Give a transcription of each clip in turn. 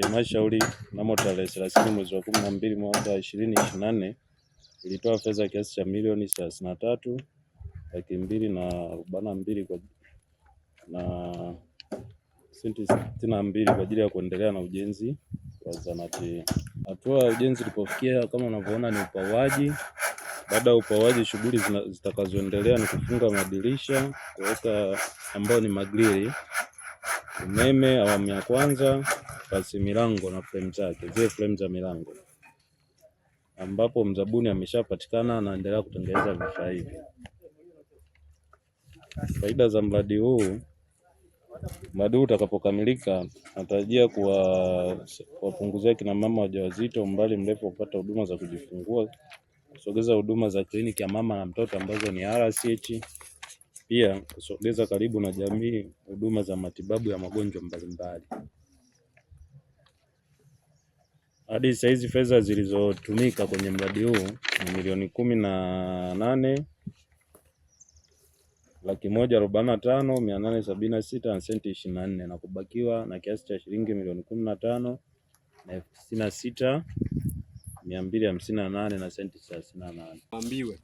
Halmashauri mnamo tarehe 30 mwezi wa kumi na mbili mwaka ishirini ishirini na nne ilitoa fedha kiasi cha milioni thelathini na tatu laki mbili na arobaini na mbili na senti sitini na mbili kwa ajili ya kuendelea na ujenzi wa zahanati. Hatua ya ujenzi ilipofikia, kama unavyoona, ni upawaji. Baada ya upawaji, shughuli zitakazoendelea ni kufunga madirisha, kuweka ambayo ni magrili, umeme awamu ya kwanza kasi milango na frame zake, zile frame za milango, ambapo mzabuni ameshapatikana anaendelea kutengeneza vifaa hivi. Faida za mradi huu, mradi huu utakapokamilika, natarajia kuwapunguzia kina mama wajawazito umbali mrefu wa kupata huduma za kujifungua, kusogeza huduma za kliniki ya mama na mtoto ambazo ni RCH, pia kusogeza karibu na jamii huduma za matibabu ya magonjwa mbalimbali. Hadi sasa hizi fedha zilizotumika kwenye mradi huu ni milioni kumi na nane laki moja arobaini na tano mia nane sabini na sita na senti ishirini na nne na kubakiwa na kiasi cha shilingi milioni kumi na tano na elfu sitini na sita mia mbili hamsini na nane na senti thelathini na nane. Ambiwe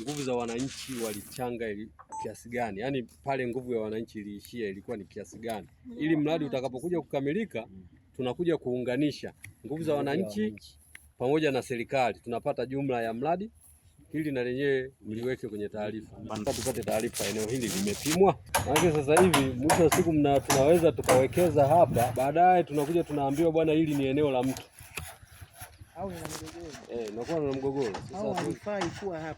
nguvu za wananchi walichanga ili kiasi gani, yaani pale nguvu ya wananchi iliishia ilikuwa ni kiasi gani, ili mradi utakapokuja kukamilika tunakuja kuunganisha nguvu za wananchi pamoja na serikali, tunapata jumla ya mradi hili na lenyewe mliweke kwenye taarifa, tupate taarifa eneo hili limepimwa. Maana sasa hivi mwisho wa siku mna tunaweza tukawekeza hapa, baadaye tunakuja tunaambiwa, bwana, hili ni eneo la mtu au lina mgogoro eh, inakuwa na mgogoro sasa, haifai kuwa hapa.